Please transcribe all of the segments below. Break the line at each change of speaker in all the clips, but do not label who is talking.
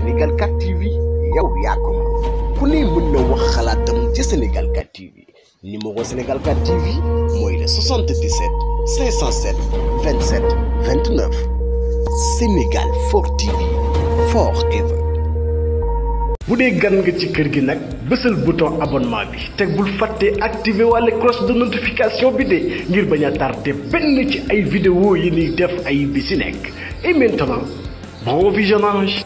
Sénégal 4 TV yow yakum. ko ku ne mën na wax xalaatam ci Sénégal 4 TV numéro Sénégal 4 TV mooy le 77 507 27 29 Sénégal 4 TV forever. Si vous gan nga ci kër gi nag le bouton abonnement bi teg bul fàtte la cloche de notification bi de ngir bañ a tardé ci ay vidéo yi ni def ay et maintenant bon visionnage.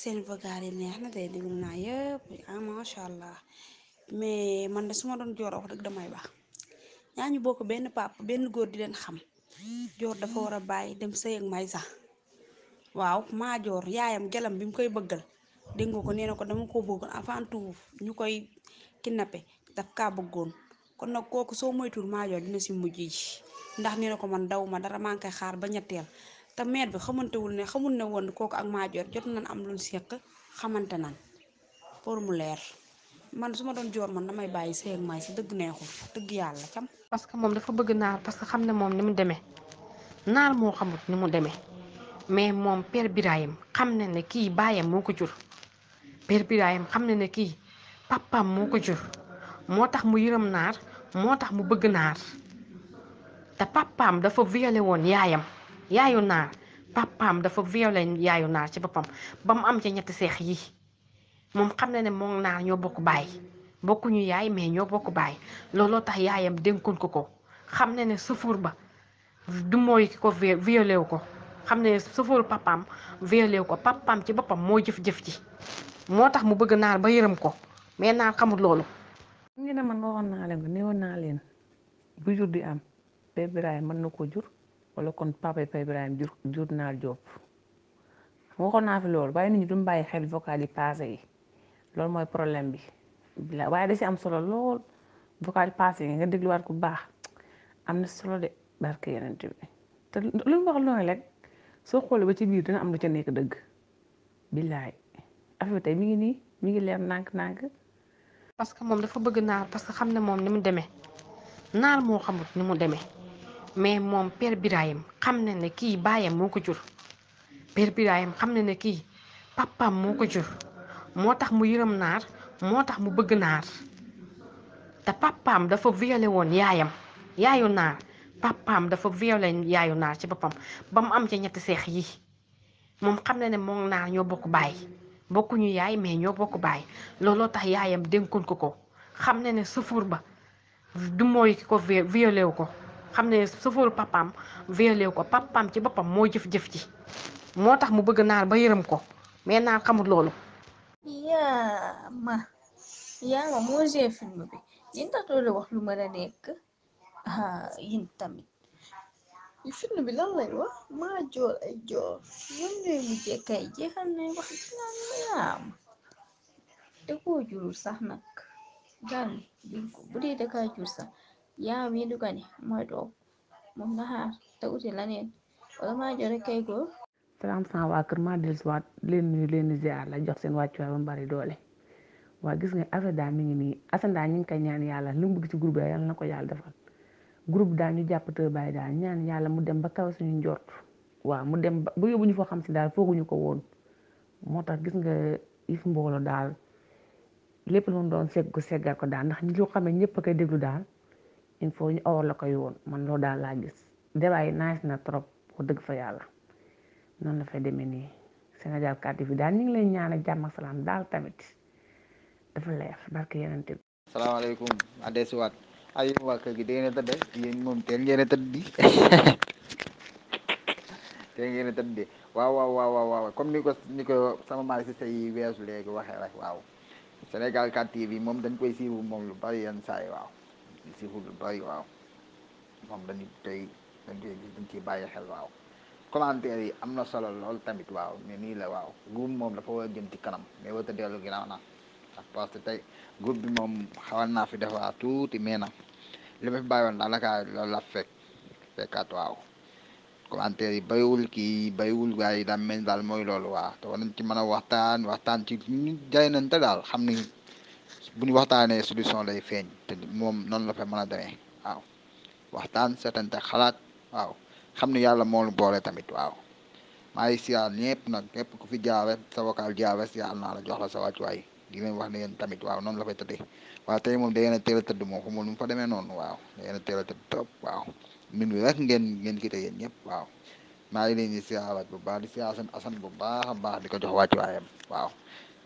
seen
vagaar yi neex na tey déglu naa yëpp ah macha allah mais man de su ma doon joor wax dëgg damay baax ñaa ñu bokk benn pap benn góor di leen xam joor dafa war a bàyyi dem sëy may sax waaw maa joor yaayam jalam bi mu koy bëggal dégg nga ko nee ko dama koo bëggoon avant tout ñu koy kidnappé daf kaa bëggoon kon nag kooku soo moytuwul maa joor dina si ndax nee ko man dawuma dara maa ngi koy xaar ba ñetteel te maire bi xamantewul ne xamul ne woon kooku ak maajoor jot nañ am luñ seq xamante nan pour mu leer man su ma doon joor man damay bàyyi sëy ak si dëgg neexul dëgg yàlla cam parce que moom dafa bëgg naar parce que xam ne moom ni mu demee naar moo xamut ni mu demee mais moom père Birahim xam na ne kii baayam moo ko jur père Birahim xam na ne kii papaam moo ko jur moo tax mu yërëm naar moo tax mu bëgg naar te papaam dafa violé woon yaayam yaayu naar papaam dafa violé yaayu naar ci boppam ba mu am ca ñetti seex yi moom xam na ne moom naar ñoo bokk baay bokkuñu yaay mais ñoo bokk baay looloo tax yaayam dénkoon ko ko xam na ne sëfuur ba du mooy ko violé ko xam ne sëfuur papaam violé ko papaam ci boppam moo jëf-jëf ci moo tax mu bëgg naar ba yërëm ko mais naar xamul loolu.
ñu ne man waxoon naa leen ko naa leen bu jur di am bébé Ibrahima mën na ko jur. wala kon papa Pa Ibrahima jur jur naar Diop waxoon naa fi loolu waaye nit ñi duñ bàyyi xel vocal yi passé yi loolu mooy problème bi waaye da si am solo lool vocal passé yi nga dégluwaat ku baax am na solo de barke yeneen bi te lu mu wax loolu rek soo xoolee ba ci biir dina am lu ca nekk dëgg billaay affaire bi tey mi ngi nii mi ngi leer nànk-nànk. parce que moom dafa bëgg naar parce que xam
ne moom ni mu demee naar moo xamut ni mu demee. mais moom per Birahim xam na ne kii baayam moo ko jur père Birahim xam na ne kii papaam moo ko jur moo tax mu yërëm naar moo tax mu bëgg naar te papaam dafa violé woon yaayam yaayu naar papaam dafa violé yaayu naar ci boppam ba mu am ca ñetti seex yi moom xam na ne moom naar ñoo bokk baay bokkuñu yaay mais ñoo bokk baay looloo tax yaayam dénkoon ko ko xam na ne sufuur ba du mooy ko violé wu ko xam ne sëfooru papam violé ko papaam ci boppam moo jëf-jëf ci moo tax mu bëgg naar ba yërëm ko mais naar xamul
loolu.
yaa ma yaa moo gée film bi yéen tax wax lu mën a nekk yéen tamit film bi lan maa joor ay joor ñoom ñooy mujjee kay jeexal nañ wax dinaa yaam da koo jurul sax nag daal bu dee da jur sax. yaram yi duga ne mooy toog moom nga xaar te uti laneen wala maa jore kay góor
salaam waa kër maa dellusiwaat leen leen di la jox seen wàccuwaay ba mu bari doole waa gis nga affaire daal mi ngi nii Assane daal ñu ngi koy ñaan yàlla li mu bëgg ci groupe bi yàlla na ko yàlla defal groupe daal ñu jàpp te daal ñaan yàlla mu dem ba kaw suñu njort waaw mu dem ba yóbbuñu foo xam si daal fooguñu ko woon moo tax gis nga if mbooloo daal lépp lu doon segg seggal ko daal ndax ñi ko xamee ñëpp a koy déglu daal il faut ñu awar la koy woon man loolu daal laa gis débat yi nice na trop pour dëgg fa yàlla noonu la fay demee nii Sénégal 4 bi daal ñu ngi leen ñaanal jàmm ak salaam daal tamit dafa leer barke yeneen bi
salaamaaleykum adee si waat ay wa waa kër gi da ngeen a tëdd yéen moom teel ngeen a tëdd di teel ngeen a tëdd di waaw waaw waaw waaw waaw comme ni ko ni ko sama mari si say weesu léegi waxee rek waaw Sénégal 4 TV moom dañ koy siiwu moom lu bari yenn saa yi waaw ci si lu doy waaw moom dañu tey dañ tey gis dañ ciy bàyyi xel waaw commentaire yi am na solo lool tamit waaw mais nii la waaw groupe moom dafa war a jëm ci kanam mais warut a na parce que tey groupe bi moom xawal naa fi defaa tuuti mais nag li ma fi bàyyi woon daanaka loolu la fekk fekkaat waaw commentaire yi bayiwul kii bayiwul waaye daal mel daal mooy loolu waaw te war ci mën a waxtaan waxtaan ci jaay nañ te daal xam ni bu ñu waxtaanee solution lay feeñ te moom noonu la fa mën a demee waaw waxtaan seetante xalaat waaw xam ne yàlla moo lu boole tamit waaw maa ngi siyaar ñëpp nag ñëpp ku fi jaare sa vocal jaare siyaar naa la jox la sa wàccuwaay di leen wax ne yéen tamit waaw noon la fay tëddee waaw te moom da ngeen a teel a tëdd moom xamul nu mu fa demee noonu waaw da ngeen a teel a tëdd trop waaw min wi rek ngeen ngeen kite yen ñëpp waaw maa ngi leen di bu baax di siyaar seen asan bu baax a baax di ko jox wàccuwaayam waaw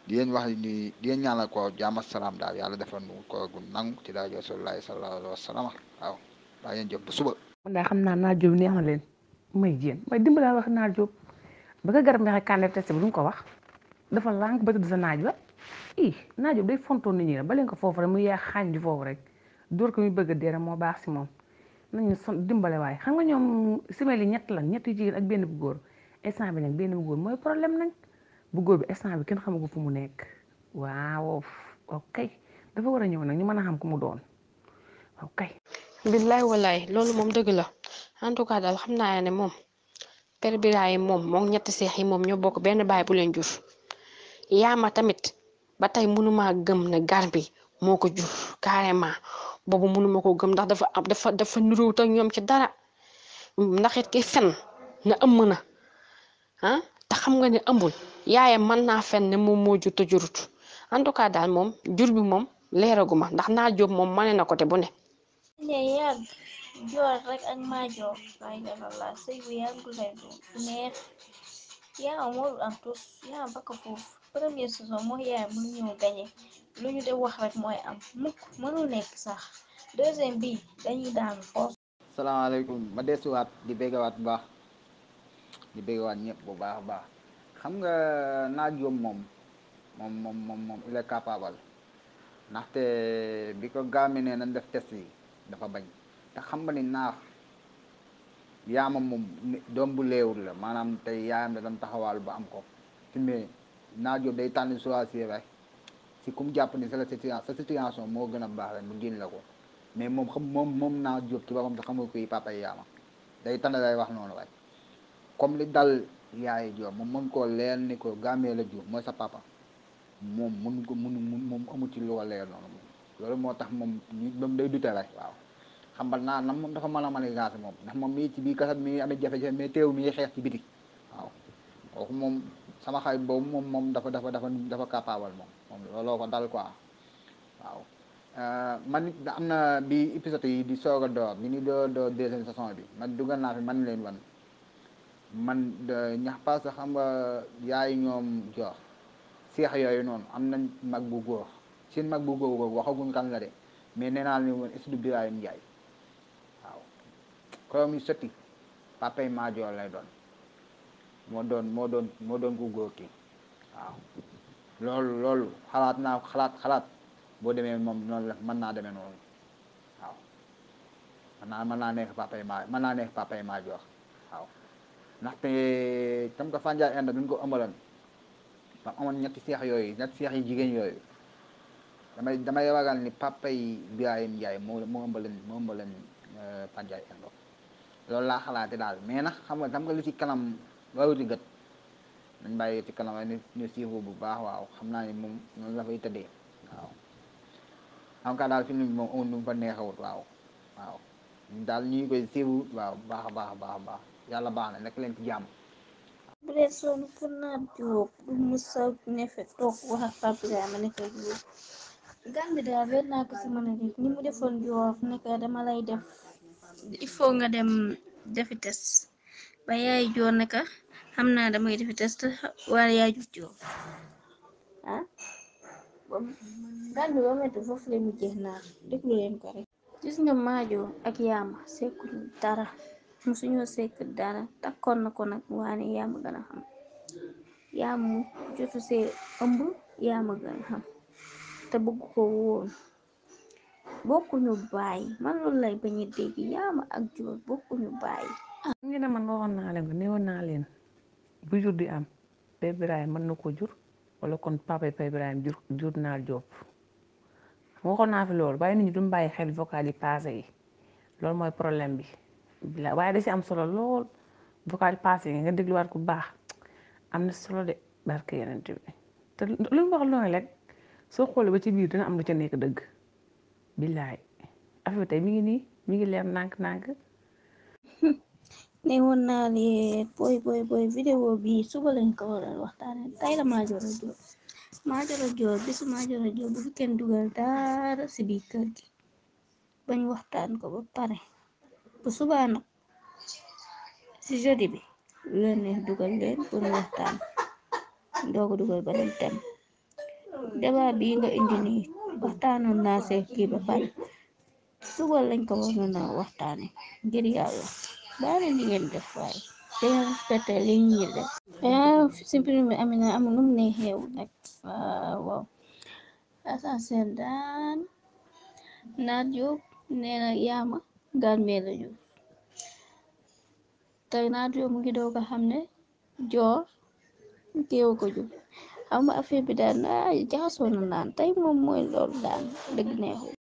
di leen wax ni di leen ñaanal ko jaam ak salaam daal yàlla defal nu ko gu nangu ci daal rasulullah sallallahu alayhi wa sallam waaw daa leen jëf ba suba.
man daal xam naa Naar Diop neex na leen may jéem may dimbalaa wax Naar ba ko garab nga xam ne test bu du ko wax dafa lànk ba sa naaj ba i Naar Diop day fontoon nit ba leen ko foofu rek mu yaa xaañ ji rek door ko bëgg a moo baax si moom nañu son dimbale waaye xam nga ñoom simel yi ñett la ñett yu ak benn bu góor instant bi nag benn bu góor mooy problème nag bu góor bi instant bi kenn xamagu fu mu nekk waaw ok dafa war a ñëw nag ñu mën a xam ku mu doon
ok. billaay walaay loolu moom dëgg la en tout cas daal xam naa ne moom père Birahim yi moom moom ñetti seex yi moom ñoo bokk benn baay bu leen jur yaama tamit ba tey mënuma gëm ne gar bi moo ko jur carrément boobu mënuma ko gëm ndax dafa am dafa dafa niróo ñoom ci dara ndax it ki fen na ëmm na ah. ta xam nga ni ëmbul yaayam mën naa fenn ne moom moo jur te jurut en tout cas daal moom jur bi moom leeraguma ndax naa jóob moom mane na côté bu ne
yàgg joor rek ak maa joor waaye ya la sëy bu yàggu lay du neex yaa warul am tus yaa bakka foofu première saison moo yaay mu ñëw gañe lu ñu de wax rek mooy am mukk mënul nekk sax deuxième bi dañuy daanu
force salaamaaleykum ma desuwaat di béggawaat bu baax di bëggewaat ñëpp bu baax a baax xam nga naaj yom moom moom moom moom moom il est ndaxte bi ko gaami ne nañ def test dafa bañ xam nga ni naax yaamam moom doom bu léewul la maanaam tey yaayam da doon taxawaal ba ko fi mais naaj yom day tànn si ku jàpp sa la situation situation moo gën a baax rek mu génn la ko mais moom xam moom moom naa jóg ci boppam te xamul kuy papa day tànn day wax noonu rek comme li dal yaay joo mu mën koo leer ni ko gàmmee la jur mooy sa papa moom mun ko mun moom amu ci lu leer noonu loolu moo tax moom ñu moom day dute rek waaw xam nga naa nag moom dafa mën a mën a gaase moom ndax moom mii ci biir kasam mi amee jafe-jafe mais teew mi xeex ci biti waaw kooku moom sama xarit boobu moom moom dafa dafa dafa dafa capable moom moom looloo ko dal quoi waaw euh, man it am na bi épisode yi di soog a door ñu ni door door deuxième saison bi man dugal naa fi man leen wan man ñax sa xam nga yaay ñom jox seex yooyu non am nañ mag bu goor seen mag bu goor go waxaguñ kan la de mais nénal ni leen woon est du Birahim Ndiaye waaw ko yu sotti papay maajoor lay doon mo doon mo doon mo doon gu goor ki waaw loolu loolu xalaat na xalaat xalaat bo demee mom non la man na demee non waaw man na man na nekk papay ma man na nekk papay ma waaw ndaxte tam ko Fandiaye Inde bi ñu ko ëmbaloon dafa amoon seex yooyu ñetti seex yi jigéen yooyu damay damay wagal ni papa yi Birahim Ndiaye moo moo ëmbaleen moo ëmbaleen euh, Fandiaye Inde loolu laa xalaate daal mais nag xam nga tam nga lu ci kanam waruti gët dañ bàyyi ci kanam waaye ñu siifu bu baax waaw xam naa ni moom noonu la fay tëddee waaw en cas daal film bi moom amul fa neexawut waaw daal ñu ngi koy siifu waaw baax a baax a baax a baax yàlla baax na nekk leen ci jàmm.
Bure sonu pour naa jóg du musa nefe toog wax ak Pape Ibrahima nekk ak yow daal weer naa ko si mën defoon Joof nekk dama lay def il faut nga dem defi test ba yaay xam naa damay defi test wala yaay ju joo ah Gambie ba foofu la mu jeex naa déglu leen ko rek gis nga maajo ak yaama sekkuñu dara musuñoo sekk dara takkoon na ko nag waane yaa ma gën a xam yaa mu see ëmb yaa ma gën a xam te bëgg ko woon bokkuñu baay man loolu lay bañ a dégg yaa ma ak jóor bokkuñu baay
ah, man naa leen ko naa leen bu jur di am Père Birahim mën na ko jur wala kon papa Père jur jur naa Jóob waxoon naa fi loolu bàyyi nit ñi duñ bàyyi xel vocal yi passé yi loolu mooy problème bi bila waaye da si am solo lool vocal passé nga dégluwaat ku baax am na solo de barke yenent bi te lu mu wax loolu rek soo xoolee ba ci biir dina am lu ca nekk dëgg billaay affaire bi tey mi ngi nii mi ngi leer nànk nànk ne woon naa
leen booy booy su vidéo bi suba lañ ko waxtaan waxtaanee tey la Madior Diop Madior Diop bisu Madior Diop bu fi dugal dara si biir kër bañ waxtaan ko ba pare وسبحانك sijadi bi, wiyan e dugal nden ɗum tan. dogo dugal baɗen tem deɓa bigo indini waxtano nase kiba bal sugal lañ ko warnana waxtane ngir yàlla baare li ngeen def waaye dañoo li def prime amina amul num ne xeew nag waaw asasen daan naat na yama. galmee lañu Tornado mu ngi dooga xam ne joor teewu ko jub xam nga affaire bi daan na naan tey moom mooy loolu daan dëgg neexul.